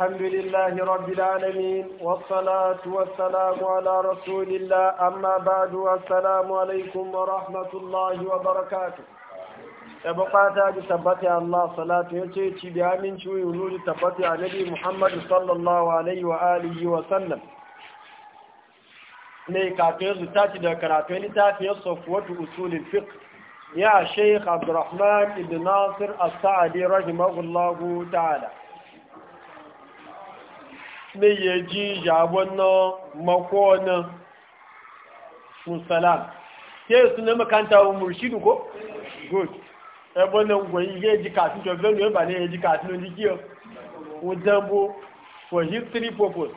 الحمد لله رب العالمين والصلاة والسلام على رسول الله أما بعد عليكم ورحمة الله وبركاته ya ce ci da min ciwo nuru tabbata ya nabi Muhammad sallallahu kafin su tace da karatu littafin safwatu usulul fiqh ya Sheikh Abdurrahman Nasir ta'ala ne ya ji jabon na makonan musalam ke su na makanta wa murshidu ko? good ẹgbọ́n na gwọ̀nyí ya ji kàtún jọ bẹ́ẹ̀ lóyún bà ní ya ji kàtún lójú kí ọ wọ́n dánbó for history purpose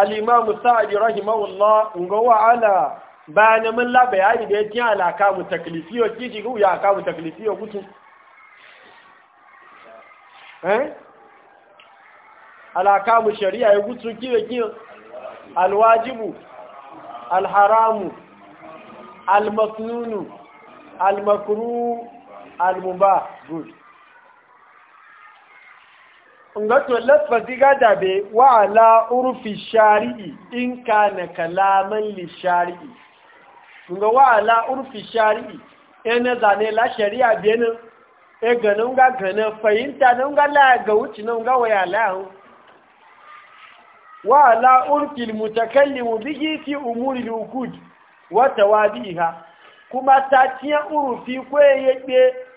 alimamu sa'adi rahimahullah ga wa'ala bayanin mun labayani da ya tiyan alaka mu taklifiyo kishi ya aka mu taklifiyo kutu Alaka eh? alakamu shari'a ya gutsu kiwe kiwe alwajibu alharamu almasnunu almakru almuba good ngato lafazi gada be wa ala urfi shari'i in kana kalaman li shari'i kunga wa ala urfi shari'i ene zane la shari'a benin e gane nga gane fahimta na nga la ga wuce na nga waya lahu wa ala urkil mutakallimu bihi fi umuri al-wukud wa tawadiha kuma ta tiya urufi ko ya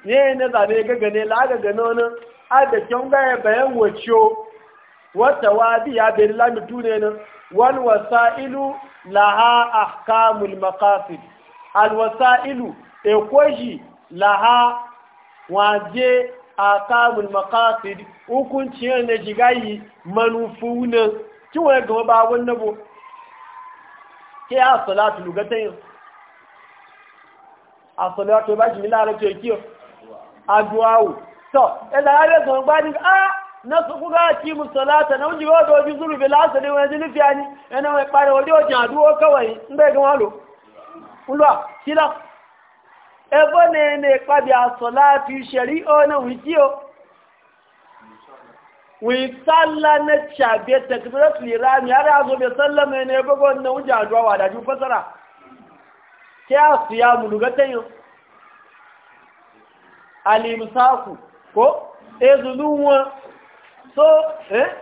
ne na zabe ga gane la ga gane wannan a da kyan ga bayan wacho wa tawadiya bil lam na. wal wasailu laha ahkamul maqasid al wasailu e koji laha waje a kamun makasir hukunciyar na jigayi manufunan kiwon ya gaba ba wannan bu ke a salatu lugatan yin a salatu ba shi milara ke kiyo a duwawu to ila ya zama gbani a na su kuka na wadda wajen zuru ne nufiya ni yana mai wajen aduwa kawai in bai gama lo ulwa kila ebe na-eme kpabi asọ láti ṣẹ̀rí ọ́nà wìtí o wìtálà na ṣàbẹ̀ tẹ̀kìtìrẹ́tì ìrámi ara azọ́bẹ̀ sallama ẹni ẹgbẹ́gbọ́ na wùjẹ́ àjọwà wàdájú fásara kí a sì ya mùlùgátẹ́yìn alìmùsáàkù so eh,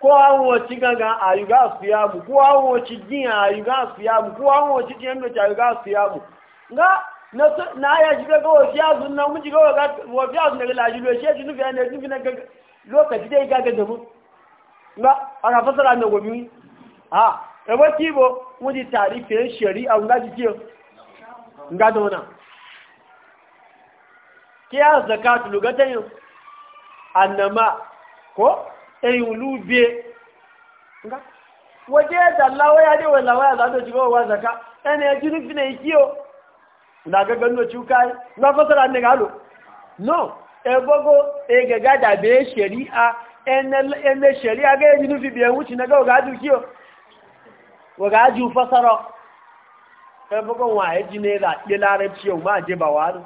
ko an wace ganga a yi su yamu ko an wace a yi su yamu ko an wace jiyan da su yamu na na ya shiga ga wasu yazu na mun shiga ga wasu yazu daga shi ya nufi na lokaci dai a ebe kibo nga nga annama eyi ulubie nga waje da lawaya ne wala waya za ta jiba wa zaka ene ya jini fina ikiyo na ga gano cuka na fasara ne galo no e bogo e ga ga da be shari'a ene ene shari'a ga jini fi be wuci na ga ga du kiyo wa ga ju fasara e bogo wa e jini la ye la re ciyo ma je ba wa do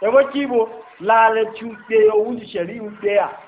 e bo kibo la re cu ke yo wuci shari'a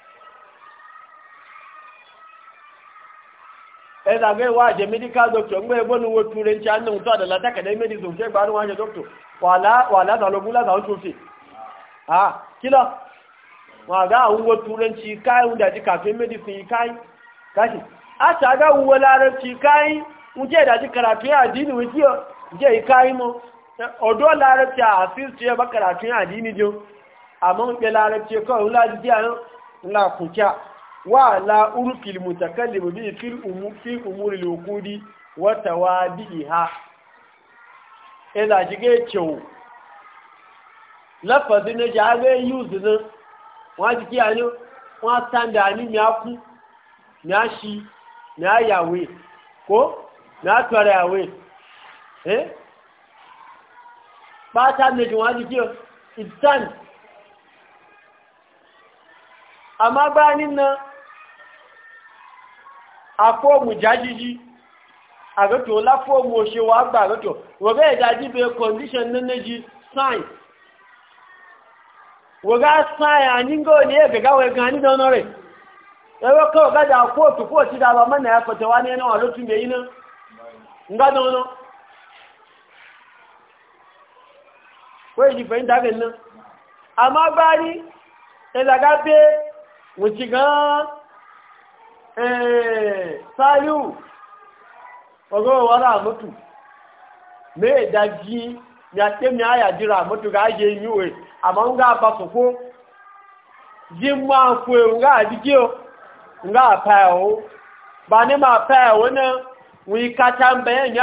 ẹ̀dà mẹ́wàá jẹ́ medical doctor ń gbé ẹgbọ́n owó túnrẹ tí a ní òun tó àdàlá tẹ́kẹ̀dẹ́ medicine ṣe gbà ní wọ́n jẹ́ doctor wà látàlógún látàlógún tó fi ah kílọ̀ wọ́n àgá àwọn owó túnrẹ tí káì ń dàjí kàfẹ́ medicine ìkáì mọ́ ọ̀dọ́ lára a fi ṣe ẹbá kàràfẹ́ àdínì jẹun wa la urfil mutakallim bi fil umur fi umur al wuqudi wa tawadiha ila jige cewu lafazin ne ja ga use ne wa jiki ani wa standa ni mi aku mi ashi mi ayawe ko mi atware awe eh ba ta ne ji wa jiki it's done amma ni na. afọ́ọ̀mù jájíjí àgọ́tò láfọ́ọ̀mù òṣèwà àgbà àgọ́tò wọ́gá ìdájí bẹ condition nínú sign wọ́gá sign àníngọ́ ní ẹgbẹ̀gáwẹ̀ gan ní rẹ̀ ẹwọ́ kọ́ ọ̀gájà kóòtù kóòtù gan-an sáyù ọgọ́rọ̀ wọ́n rà mọ́tù mẹ́ẹ̀dá jí ni a tẹ́ mi àyà jíra mọ́tù ká yẹ yíò ẹ̀ àmọ́ ń gá apasọ̀ fún jí máa fún ẹ̀ ń gá àdíjí o ń gá àpá ẹ̀ bá ní máa náà wọ́n ń bẹ̀yẹ̀ ní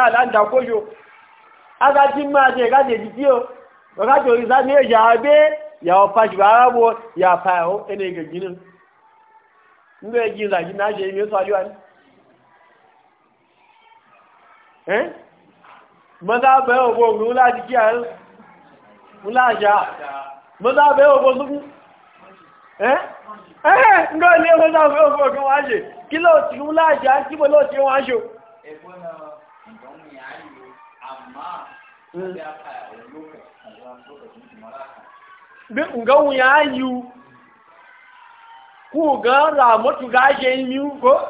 agájí nígbà ẹgbẹ́ ìrìnàjí náà ṣe ní oṣù àríwá ní ẹ́ mọ́sáàbẹ̀ ògbò ògbò láti kí àárín múláàṣà mọ́sáàbẹ̀ ògbò súnkún ẹ́ ẹ́ ǹgbọ́ ilé mọ́sáàbẹ̀ ògbò ògbò wá ṣe kí lọ tí múláàṣà tí mo lọ tí wá ya yu. ku ga ramatu gashe yi ko?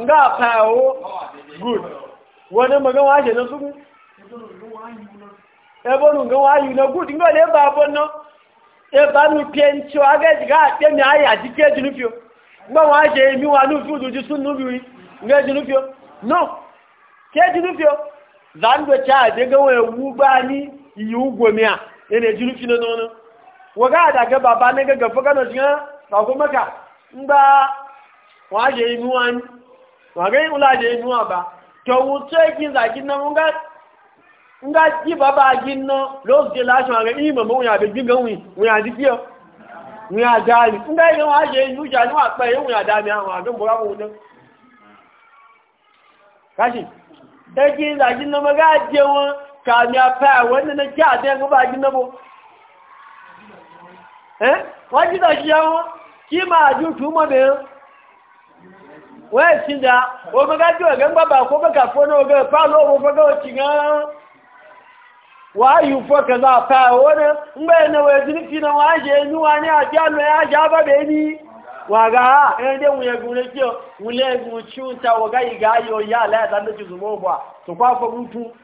nga good wani magan washe na su ebonu ga wayu na good nga le ba aga e ga te mi aya dike junufio nga washe mi wa nu fudu ji sunu bi no ke zan do cha de ga ni yi yana jinu kina na wani waga da ga baba ne ga gafa kana jiya sako maka in ba waje yi nuwa ni waga yi ula je yi nuwa ba to wuce kin zaki na nga ga in ga ji baba gin no los de la shwa ga yi mama uya be gin ganwi uya dikiyo uya jali in ga yi waje yi nuja ni wa pa yi uya da mi awon agun bora ko ta. kashi za zaki na maga je won kàmì afẹ́ àwọn ẹni ní kí àdé ẹgbẹ́ bá jí náà wọ́n jí náà ṣiṣẹ́ wọn kí máa jú tù mọ́ mi wọ́n èsì dá ogun kájú ẹ̀gẹ́ gbọ́bà kó fẹ́kà fún ogun ẹ̀fà lóòrùn fẹ́kà òtì fẹ́ àwọn ẹni ọ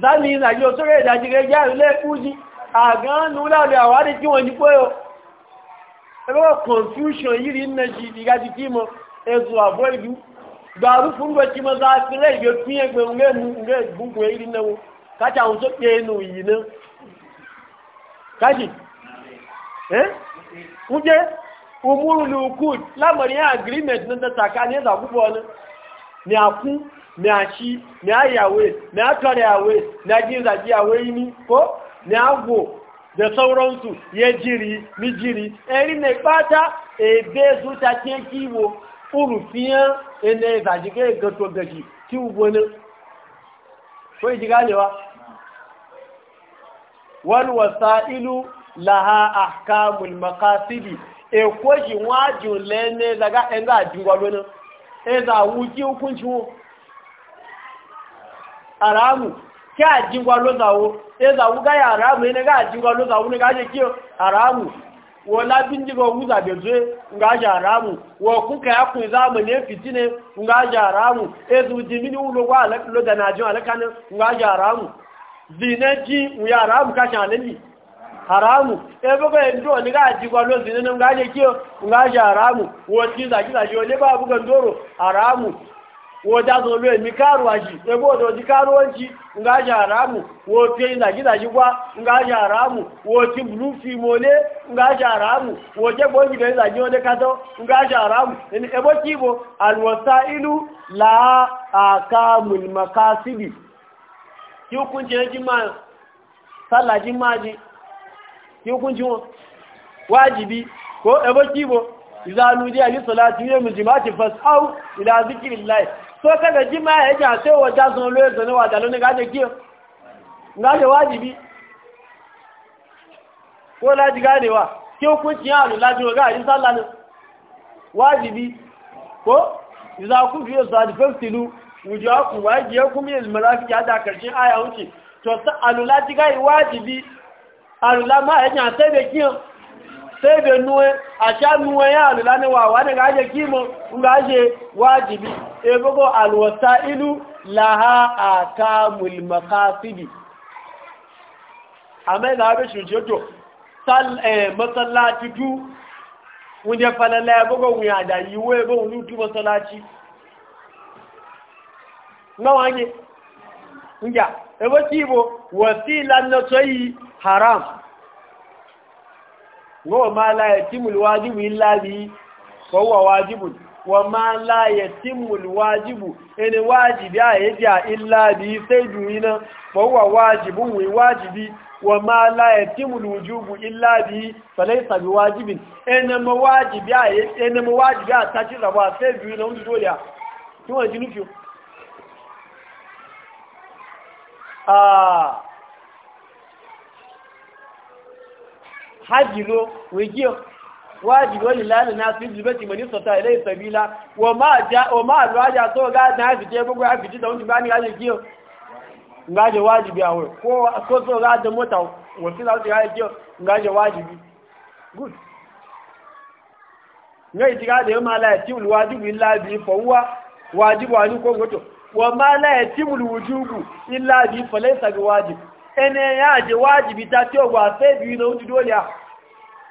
zami na yo sore da jire ja le kuji agan nu la le awari tí wọ́n ji po yo e bo confusion yiri na ji diga ti ti mo e zo avoid du gba ru fun go ti mo za ti le yo ti e gbe nge mu nge bugu e yiri na wo ka ta un so pe nu yi na ka ji eh uje umuru lukut lamari agreement nan da takani za gubo ni akun me ashi me ayawe me atwarewe na a jiawe ni ko me agwo da sauransu ya jiri mi jiri eri ne pata ebe su ta ke kiwo urufiyan ene zajige gato gaji ti ugbonu ko iji e ganewa wal wasailu laha ahkamul maqasidi e ko shi wajun lene daga en ga jingwa lona e za wuki hukunci wo haramu kí àjíwá lózàwó ẹzàwó gáyà haramu ẹni gá àjíwá lózàwó ní gáyà kí haramu wọ́n lábí jíwọ́ wúzà bẹ̀zọ́ ngájà haramu wọ́n kún kẹ́kùn mu, ní fìtí ní ngájà haramu ẹzù jìmí ní wúlọ́wọ́ lọ́dànájọ́ alẹ́kánú ngájà haramu zìnà jí wùyà haramu káṣà lẹ́lì haramu ẹgbẹ́gbẹ́ ẹ̀dọ́ ní haramu haramu wọ́já tó ló èmi shi, ẹgbó òdò jí káàrùwájì ńgá ṣe àràmù wo tí ìdàgídàjí wá ńgá ṣe àràmù wo tí bùrú fi mọ́lé ńgá ṣe àràmù wo jẹ́gbó ìgbẹ̀ ìdàjí wọ́n dékátọ́ ńgá ṣe àràmù ẹni ẹgbó tí ìbò àlùwọ̀sá ìlú làá àkàmùlùmọ̀ká síbì tí ó kún jẹ́ jí ko ẹgbó tí ìbò ìzánú jẹ́ àyíṣọ́lá ti rí èmù jìmá ti fẹ́ sáú so kaga jima ya ja sai wa ja sun lo zane wa da lona gaje kiyo gaje wajibi ko la ji gane wa ki hukunci ya alu lajo ga yi sallah ne wajibi ko idza ku biyo sa da fasilu wujaku wajiyakum yal marafiq ya da karshen aya wuce to sa alu la ji wajibi alu la ma ya ja sai da ki? sai da nuwe a sha nuwe ya alu la ne wa wa da gaje kimo ngaje wajibi ebogo alwasa'ilu laha a kamul makasidi a eh, mai da haɗe shujoto matsalaci tu wunje falala ebogo wuya da yiwu ebo wunutu matsalaci na wange ya ebo kibo wasilan na tsoyi haram goma ma la ya timul wajibu illa bi kowa wajibun wa ma la yatimul wajibu ene wajibi a yaja illa bi sai duwina fa huwa wajibun wa wajibi wa ma la yatimul wujubu illa bi falaysa bi wajibin ene ma wajibi a ma wajibi a ta ci rawa sai duwina wani dole tun wani nufi ah hajilo wigiyo wajibi wani lani na fi jibati mani sota ilai sabila wa ma alwaja so ga na fice gugu a fice da wani bani gaje kiyo ngaje wajibi a wuri ko so so ga da mota wasu za su gaje kiyo ngaje wajibi good ngai diga da yamma la yatimul wajibu illa bi fa huwa wajibu ani ko goto wa ma la yatimul wujubu illa bi fa laysa bi wajib ene ya je wajibi ta ce wa sai bi na dole a?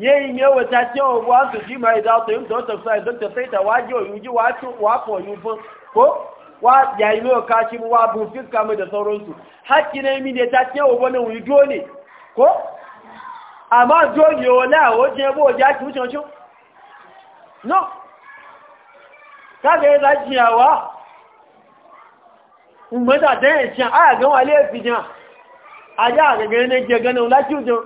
yayin yi ta cewa wa su ji mai za su yi ta wata sai don ta sai ta waje wa yuji wa yi yufin ko wa yayi mai kashi mu wa bu fiska mai da sauransu hakki ne yi ne ta cewa wani wuri dole ko amma dole yo la wo je bo ja ki mu chon no ka ga za ji yawa umma da dan shan e a ga wale fi jan a ja ga na ne je ganin lati ujo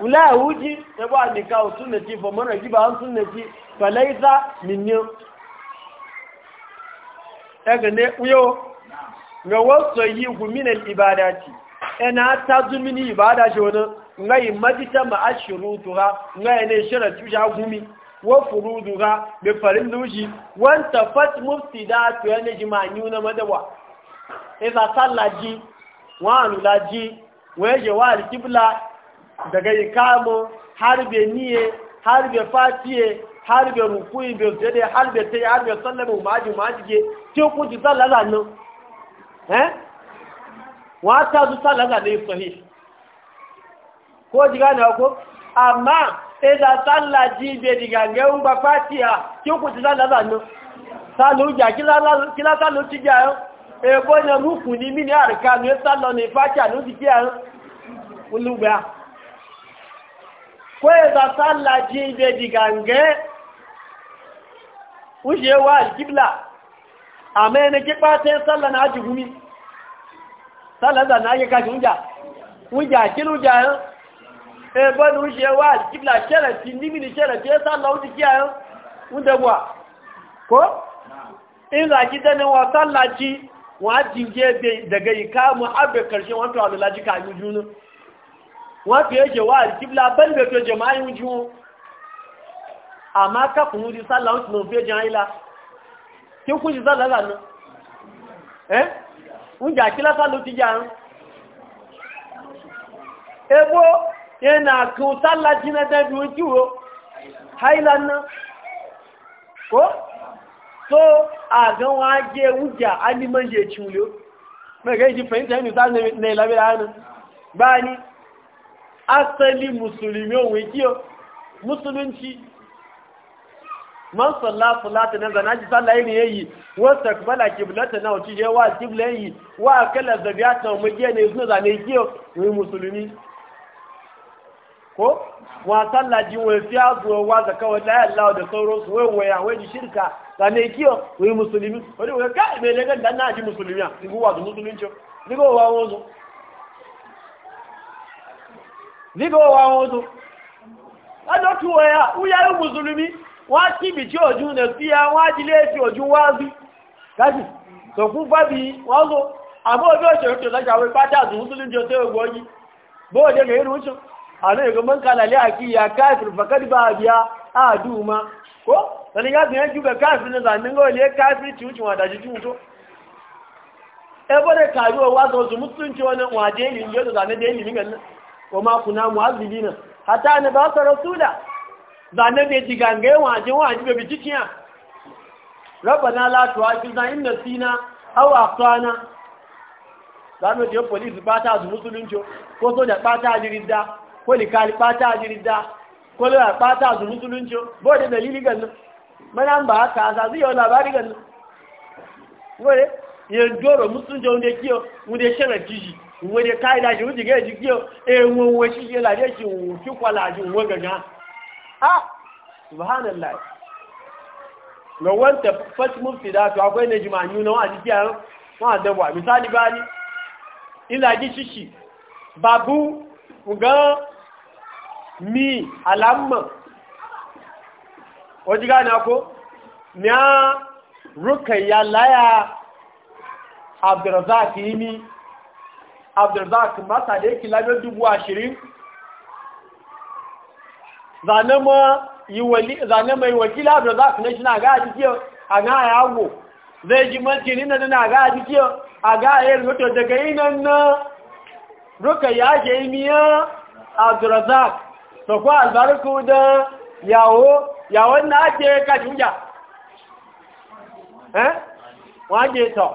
wula ya ta ba ni kawo sunnati fa mana ji ba sunnati fa laisa minni daga ne uyo ga wasu yi ibada. ibadati ina ta zumini ibada shi wani ngai majita ma ashirutu ha ne shiratu tusha gumi wa furudu ha bi farin dushi wan tafat muftidatu yana jimanyu na madawa idza sallaji wa anulaji wa yaje wa alqibla daga ikamo har be niye har be fatiye har be rukuyi be jade har be tayi har be sallama umaji umajige ti ku ji sallaza no eh wa ta du sallaza ne sahih ko ji gane ko amma ila sallaji be diga ngeu ba fatiya ti ku ji sallaza no salu ja kila kila salu ti ja yo e bo na ruku ni mi ni arka ni sallaza ni fatiya no ti ja yo kawai za su Allah ji da digange wujewa alkibla a mai na kiɓa ta yi sallah na aji gumi sallah za na ake kashi wuja wuja kin wuja yan eh? ebe na wujewa alkibla sharafi nimini sharafi ya e, sallah wuji kiyayen eh? wudabuwa ko? in za ki danin wa sallah ji wa jinge daga yi kamun abin karshen wata wani lajika yi junin wọ́n fi ẹjẹ̀ wá àjíbílá bẹ́lẹ̀ tó jẹ máa ń jú wọn a máa kàkùnrin di sálà oṣù náà fi ẹjẹ̀ àìlá tí ó kú sí sálà lánà ẹ́ ń jà kí lásà ló ti jà ń egbó ẹ̀nà àkùn sálà jíná tẹ́bí ojú o àìlá ná kó tó àgán wọn á jẹ́ wújà á ní mọ́ asali musulmi wai kiyo musulunci man salla salata nan zana ji sallah ne yayi wa takbala kiblata na wuci je wa kibla yi wa kala zabiyata mu je ne suna zane kiyo wai musulmi ko wa sallah ji wai fiya zuwa wa zaka wa la Allah da sauro su wai waya wai shirka zane kiyo wai musulmi wani wai ka me le dan na ji musulmiya ni go wa musulunci ni go wa wozo níbi ọwọ́ àwọn odò ọjọ́ tí wọ́n ya wúyárú mùsùlùmí wọ́n tí ibi tí ojú nà sí ya wọ́n ajílé èsì ojú wá rí gájì tó fún fábí wọ́n lọ àmọ́ ojú òṣèré tó lọ́jàwé pátàdù mùsùlùmí jọ tẹ́ ogun ọyí bóòdé rẹ̀ irú ṣùn àná ya káàkiri fàkàdìbà àbíyá àádù wa ma kuna mu'azzibina hatta na ba sa rasula da na bai ji gangaye waje waje bai bicikiya rabbana la tu'akhizna in nasina aw akhtana zamu je police ba ta musulunci ko soja ba ta jirida ko likali ba ta jirida ko la ba ta musulunci bo da dalili ganna mana ba haka za zai yi labari ganna gore yendoro mutunje unde kio unde shela jiji unde kaida ji unde geji kio e won won shi je la je shi won ki kwa la ji won gaga ah subhanallah no wanta fat mufsida to akwai ne jima'u na wa jiya wa da wa misali bani ila ji shishi babu uga mi alamma wajiga na ko nya rukayya laya abdulrazak yimi abdulrazak masa da yake labar dubu ashirin zane mai wakila abdulrazak na shi na ga ajikiyar a na yawo zai ji martini na na ga ajikiyar a ga yin mutu daga yinan na ruka ya ke imiya abdulrazak su kwa albarku da yawo yawon na ake kashi wuya eh? wajen to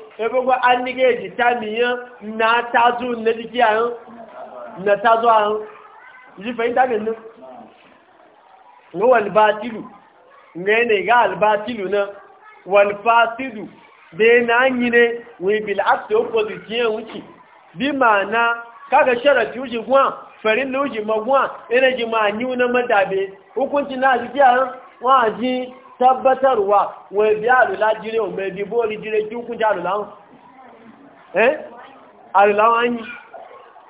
ebogo an nige ji ta miyan na tazu na jiki a yan na tazu a yan ji fahimta ga nan ni walbatilu ne ne ga albatilu na walfasidu bai na yi ne wani bil'afta opposite yin wuce bi ma ma'ana kaga sharafi wuce guwa farin da wuce maguwa ina ji anyi na madabe hukunci na jiki a yan wa ji tabbatarwa wai biya alula jire o mai bi bori jire ki hukunci alula wọn eh alula wọn yi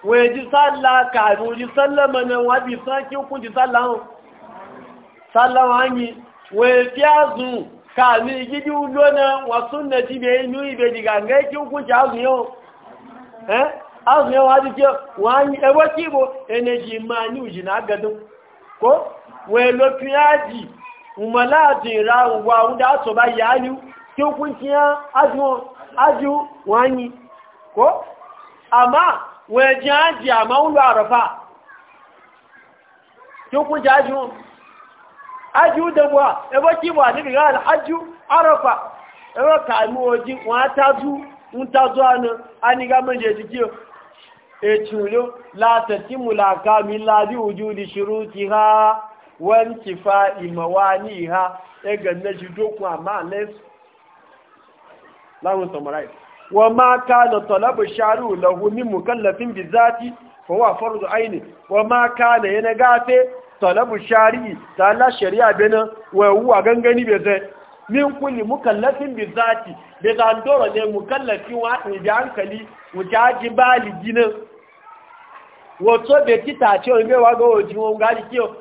wai ji salla kafin ji salla mana wabi sanki hukunci salla wọn salla wọn yi wai fiya zu kafin gidi ulona wasu na ji bai yi nuni bai diga ngai ki hukunci azu yau eh azu yau wadi ke wani ewa kibo energy ma ni na agadun ko wai lo fiya ji umala jira ugwa wanda aso ba yalu ki hukunci ya aju aju wani ko amma wajen aji amma wulu arafa ki da buwa ebe wọn tazu n tazu anu ani gama jiki etu lo la tatimu la kami ha wanki fa'i mawani ha ya e ganna shi dokun amma les lahun samurai wa ma na talabu sharu lahu min mukallafin bi zati fa huwa aini wa ma kana yana gafe talabu shari'i ta la shari'a bena wa huwa gangani bai zai min kulli mukallafin bi zati be zan doro ne mukallafin wa in ji hankali wujaji baligi nan wato be kita ce o me wa ga wajen won ga ki o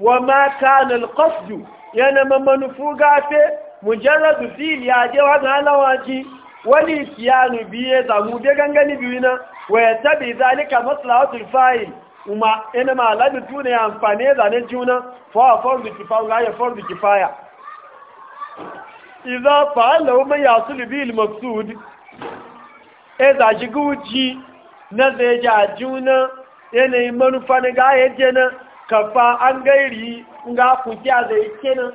wa ma kana alqasdu yana manufu gafe mujarradu fil ya je wa ga alawaji wani kiyanu biye da mu be gangani na wa yatabi zalika maslahatul fa'il kuma ina ma ladu tuna ya amfani da ne juna fa fardu kifaya ga ya fardu kifaya idza fa'ala ma yasul bil maqsud idza e jiguji na zai ja juna yanayin manufa na ga kafa an gairi nga kujiya da yake nan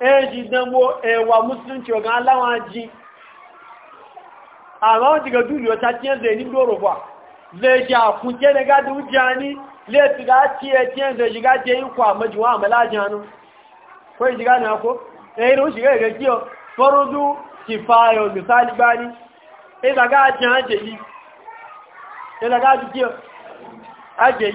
ɗaya e ji damo ewa musulunci ogan alawa ji wani daga duniya ta ciyar da ni doro ba zai ji a kuje da wujiya ni ga ciyar e e shiga yi kwa majiwa a kawai shiga na ko ɗaya ne shiga ga kiyo farudu kifayo misali bani ɗaya ga ajiyar ajiyar ajiyar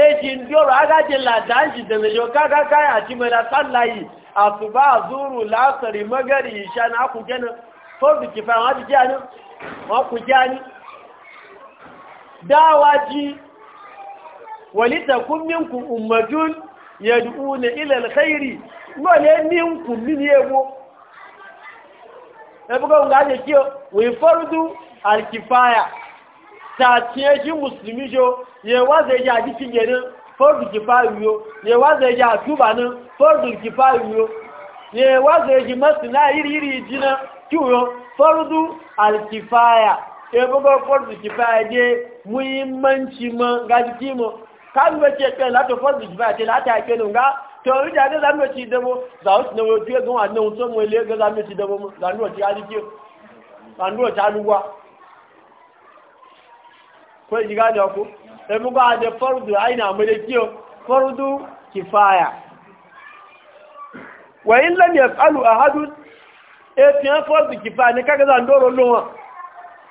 eji ndị ọrụ agaghị lada njidere ya oke agaghị achimela sallayi asuba azuru lasari magari isha na akwụjenu tobi kifa wọn jije anyị wọn kwuje anyị dawa ji walita kumminku ummajun yad'una ila alkhairi ngole minku mini ewo ebugo ngaje kiyo we fardu alkifaya tàtíẹ́ sí mùsùlùmí yo yẹ wá zẹ̀ yà àti ti yẹnu fóòdù jìfà ìwò yẹ wá zẹ̀ yà àtúbà ní fóòdù jìfà ìwò yẹ wá iri iri mọ́sí náà yìí yìí jìnà kí wọ́n fóòdù àlìkìfáyà yẹ gbogbo fóòdù jìfáyà dé gaji kí mọ́ káàdì wọ́n tiẹ̀ pẹ́ látọ̀ fóòdù jìfáyà tẹ̀ látà ẹ̀kẹ́ nù ńgá tọ̀rí jà ní zanúwẹ̀ ti dẹ́bọ̀ zàwọ́sì ko ji gane ku sai mu ba da fardu aina mu da kiyo fardu kifaya wa in lam yasalu ahadun e eh, tiyan fardu kifaya ne kaga zan doro lowa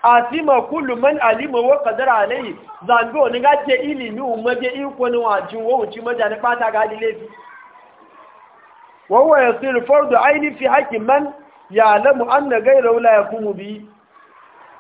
asima kullu man alima wa qadara alayhi zan do ni gaje ilimi umma je iko ni wajin wo uci maja ne bata ga dile wa huwa yasiru fardu aini fi ya haqqi man ya'lamu anna wula ya yaqumu bi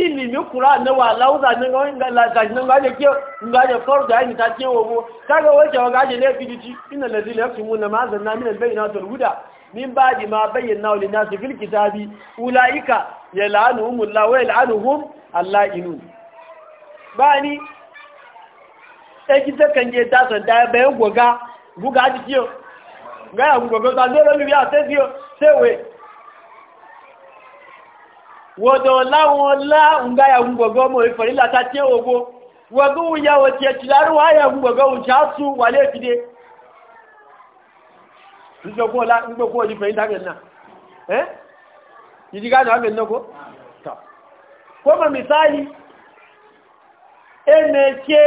ilimi kura na wa lauza ne ga inga la ga nan ga ke ga je kor da ni ta ce wo kaga wace ga je ne fiditi inna lazina na ma zanna min albayinati alhuda min ba'di ma bayyana lin nas fil kitabi ulaika yal'anuhum Allah wa yal'anuhum Allah inu. bani e kita kan je ta san da bayan goga guga ji kiyo ga ya goga ta dole mi ya sai kiyo sai we wodo lawon la nga ya ngogo mo ifori la ta tie ogo wogo ya o tie tilaru wa ya ngogo o jasu wale tide njo ko la ngo ko ji fe nda na eh yidi ga na men ko ta ko ma misali eneke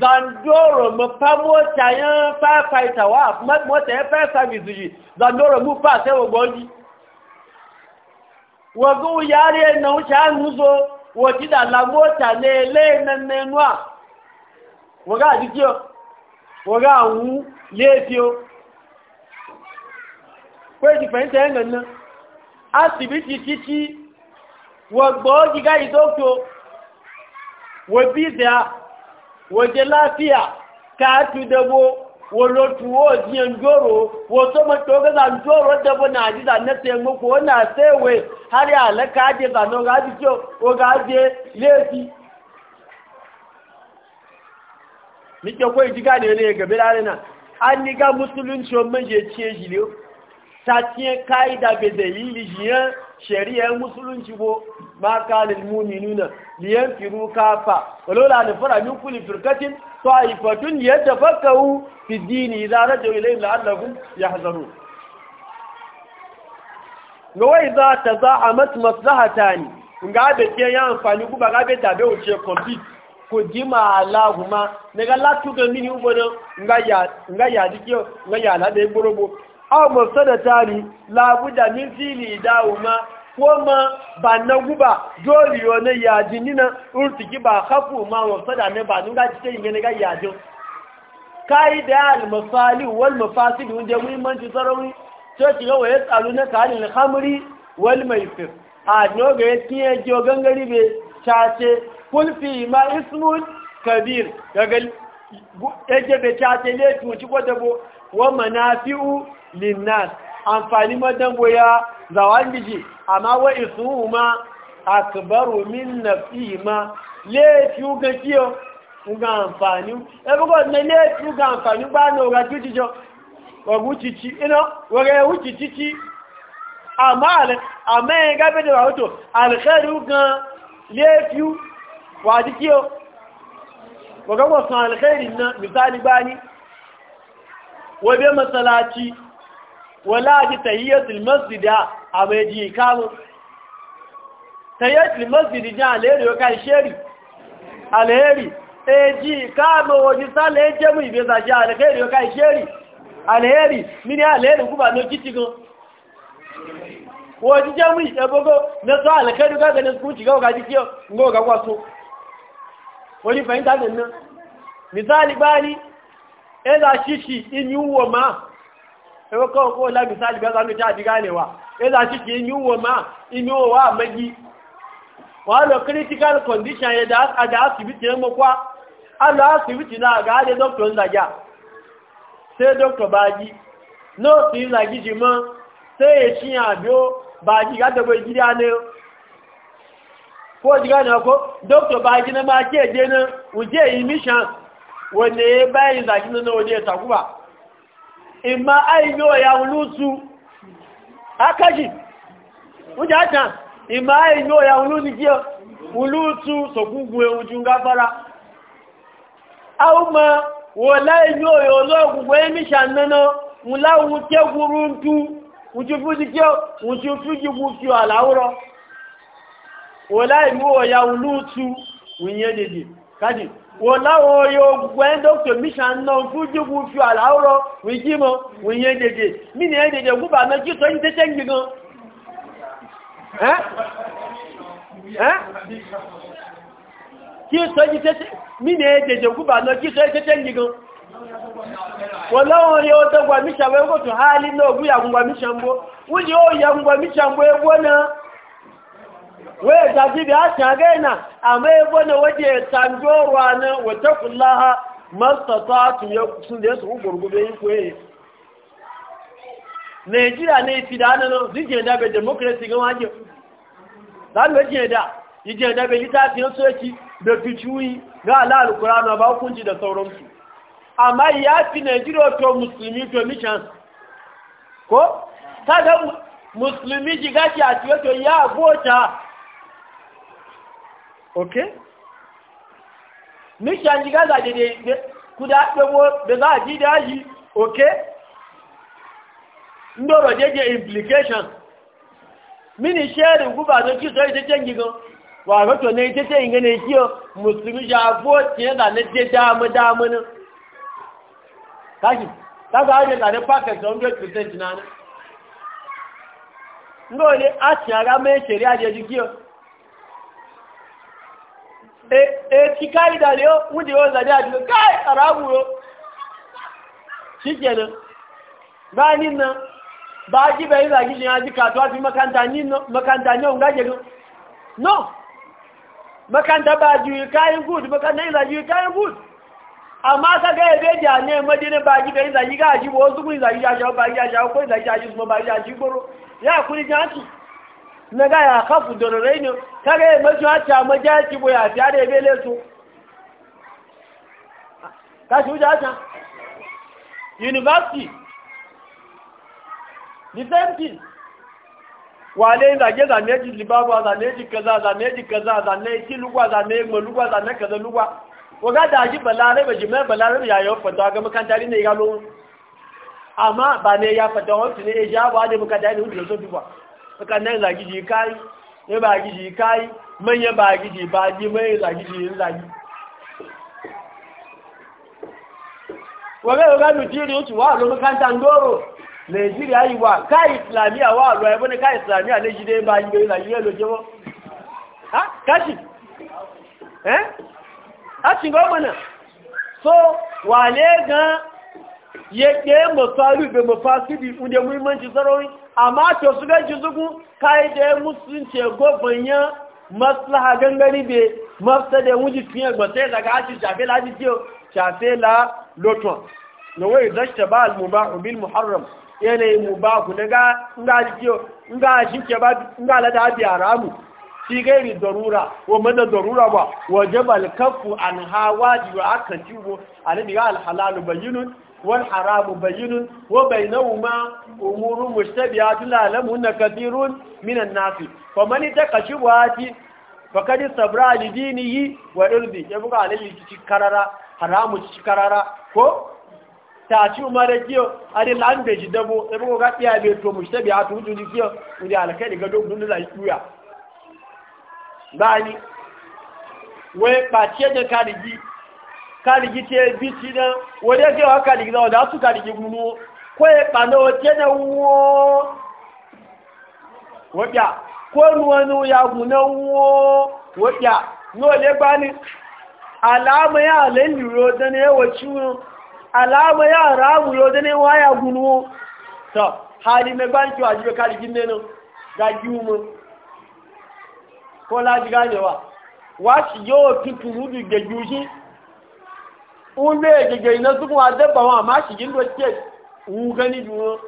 zandoro mo pamo chayan fa fighter wa mo te fa service yi zandoro mu pa se ogo wọ́gún yàrí ẹ̀nà ó ṣàánúso wọ̀tídà lágbóòtà lé ilé ìnẹ́nẹ́núà wọ́gá àdíkí ọ wọ́gá àwọn léèfí ó pé ti fẹ́ntẹ́ ẹ̀nà a sì bí ti títí wọ̀gbọ́ gígá ìtókò wọ́bí ìdá wọ́jẹ́ láfíà káàtù dẹ́gbó wolo tuwo jiyan joro wato mato ga zan na da na ji zan nase muku wana sewe har ya alaka je na ga ji jo o ga je lefi nike ko ji ga ne na an ni ga musulunci mun je ciye ta ka'ida bai dalili jiyan shari'ar musulunci bo ma kalin muni nuna liyan firu kafa walola da fara min kuli firkatin to a ifatun yadda fakawu fi dini za a rajo ilayin la'allahun ya hazaro gawai za ta za a matu maslahata ne ga da ke ya amfani guba gabe tabe wuce complete ko jima alahuma daga latu ga mini ubodo nga ya nga ya dikio ya de aw mafsadatani la budda min fili dawuma kuma ba na guba dole yo ne yaji nina urtiki ba khafu ma mafsada ne ba nunga cike yin ne ga yaji kai da al mafali wal mafasid hunde muhimmanci sarawi to ki ga waye tsalo na kalin khamri wal maisir a noga ya tiye jo gangari be chace kulfi ma ismun kabir daga ejebe chace le tuci ko dabo wa manafi'u linnas amfani madango goya zawan biji amma wa isuma ma akbaru min nafi le kiyo amfani e bugo ne le amfani ba no ga wa wa ga amma amma ga be ga le wa wa ga na misali bani wa be wala ji tayyatul masjid a mai ji kawo tayyatul masjid ji alheri o kai sheri alheri e ji kawo waje sale je mu ibe za ji alheri o kai sheri alheri mini alheri kuma no kitigo waje je mu ibe bogo na so alheri ga ga na su ci ga ga ji ẹwọ́ kọ́ kó lábì sáàlì bẹ́ẹ̀ sánú jáàdì gánẹ̀wà ẹzà sí kìí ní wọ máa inú wà mẹ́gí wọ́n lọ critical condition yẹ dáadà asibiti ẹ mọ́kwá asibiti náà gáàdẹ dr nzaga sai dr baji nọ́ọ̀sì nzagi jì mọ́ sai èṣì àbíó baji gádọ̀gbọ̀ ìjírí na máa kéèdé náà ǹjẹ́ ìmíṣàn takuba ìmá àìyó ẹ̀yà olóòtú akájì oúnjẹ àjá ìmá àìyó ẹ̀yà olóòtú sọ̀gúngun ewu jù gáfárá a ó mọ wò láìyó ẹ̀yà olóògùn ẹ́mìṣà náná múláwù tẹ́gúrú ń tú wùjú fújì wọ́n láwọn yóò gbẹ́n dókítà mission náà fújúgbù fi àláwọ́rọ̀ wìjímọ̀ wìyẹn dèdè mínú ẹ̀ dèdè gúbà méjì tó ń tẹ́tẹ́ gbìgan mínú ẹ̀ dèdè gúbà méjì tó ń tẹ́tẹ́ gbìgan wọ́n láwọn yóò dọ́gbà mission wẹ́gbọ́tù hálí náà gúyà gúgbà mission bó wúlì ó yà gúgbà mission bó ẹgbọ́ náà zaji da ya gaina amma mai bane waje tanjorwa na wata kullaha mastata sun da ya su gurgube yi koye nigeria ne fi da hannun zijiyar da bai demokrasi gan waje zanu waje da yijiyar da bai littafin soki da ficuyi ga ala'ar kurana ba kunji da sauransu amma ya fi nigeria to musulmi to mishan ko ta ga musulmi jigashi a ciwo to ya abota okay mission ji gaza dede kuda gbogbo da za a ji da yi okay ndoro jeje implication mini sharing guba zo ki so ite jengi go wa go to ne ite jengi ga ne ki o musulmi ja vo ti da ne je da mu da mu ne kaji ta ga ne da ne package 100% na ne ndo le a ti ara me sharia je ji ki o ci eh, eh, ka'ida ne yau wuce yau zane a jikin kai karamu yau shi kenan ba nin nan ba a jibe yin zagi ya ji katuwa fi makanta ne unga gero no makanta ba juyi kayan gud makanta yin zagi kayan gud amma ka ga yabe ja ne madina ba jibe yin zagi ga ajibo wasu kun zagi ya shawo ba ya shawo ko zagi ya shi kuma ba ya shi goro ya kuri jansu na ga ya kafu da rarraini kare ya mashi hacci a majaki bu ya fiya da ebe bele su kashi wuce hacci university the same thing wale zage zane ji libaba zane ji kaza zane ji kaza zane ki lugwa zane ma lugwa zane kaza lugwa waga da ji ba ji mai balare ya yi fata ga makanta ne ya gano amma ba ne ya fata wasu ne ya ja ba da makanta ne wuce da so ba. suka nan zagi ji kai ya ba giji kai manya ba giji ba ji mai zagi ji yin zagi wọ́n rẹ̀ nìjírí oṣù wà ló mẹ́kántà ń dọ́rọ̀ nàìjíríà ìwà ká ìsìlàmíà wà lọ ẹgbẹ́ ní ká ìsìlàmíà lè jíde bá ìgbé nàìjíríà ló jẹ́wọ́ káṣì ẹ́ káṣì gọ́mọ̀nà so wà lẹ́ gan yẹ pé mọ̀fà rúgbẹ̀ mọ̀fà síbi ìfúndẹ̀ mú amma to su gaji zugu kai da musulunci gobanya maslaha gangari be mafsa da wuji fiye ba sai daga ashi shafe la ji kiyo shafe la loton na wai zashta ba al-mubahu bil muharram yanayi mubahu na ga nga ji kiyo nga shi ke ba nga lada da bi haramu shi gairi darura wa mada darura ba wajaba al-kaffu an hawaji a aka ciwo alimi ga al-halalu bayyinun والحرام بين وبينهما أمور مشتبهات لا يعلمهن كثير من الناس فمن اتقى شبهات فقد استبرا لدينه وإرضه يبقى عليه كرارا حرام كرارا كو tashi umar kiyo ari lan be jidabo e bugo ga tiya be to mushtabi atu wujudi kiyo uri alkai daga dog dun la yuya bani we ba tiye da kadiji kàrìgì tí ẹbí ti náà wọ́n dé kí wọ́n kàrìgì náà ọ̀dá tún kàrìgì o kó ipa náà tí ẹ̀nà wọ́n wọ́píà kó nù ẹnu yàgùn náà wọ́n wọ́píà náà lé gbá ní aláàmúyà yóò tuntun rúdù gẹ̀jú yìí ube e gege na su kuma dabba wa ma shi gindo ke u gani duro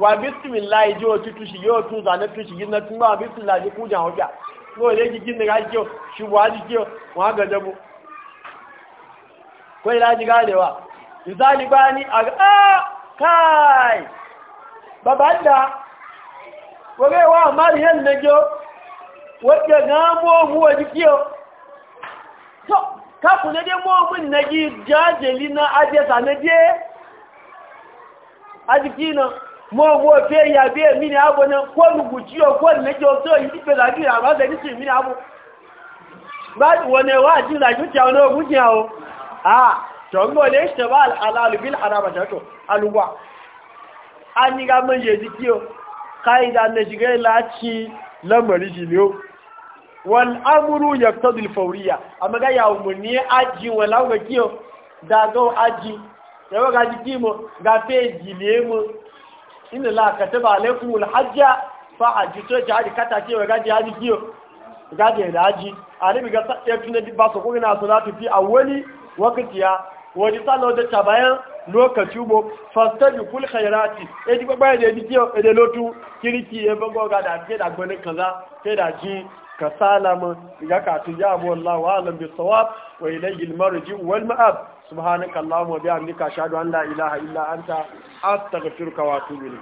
wa bismillah ji o tutu shi yo tun zane tu shi gina tun ba bismillah ji ku jan hoja no le ji gina ga ji shi wa ji ji wa ga dabu ko ila ji ga dewa misali ba ni a ah, kai baba da wage wa mari hen ne jo wake ga mo mu wa ji ki yo to kapu na mo mawabin na gi jajeli na ajiyasa na je ajiki mo mawabo fe ya biya mini abu na kwanu o kwanu na ke oto yi ife lagi a maza nisi mini abu ba wane wa ji lagi wuce wani ogunji yawo a tongo ne shi ba al'alubil haraba ta to aluwa an yi gaman yezi kiyo ka'ida na shiga laci lamarin shi o. wal'amuru ya fito dilfauriya a maga ya umarni aji wala ga kiyo da ga aji ya ga ji kimo ga fe gile mu inna la kataba alaikum alhajja fa aji to ji hadi kata ce ga ji hadi kiyo ga ji da aji alibi ga sai tun da ba su ko ina salatu fi awwali waqtiya waje sallo da ta bayan lokaci bo bi kul khairati e di ba ba da di kiyo e de lotu kiriki e ba ga da ke da gwanin kaza sai da ji Ka mu ga ka ya abu Allah alam bi sawab wa ilayhi al marji wal ma'ab subhanaka allahumma bihamdika ashhadu an la ilaha illa anta astaghfiruka wa atubu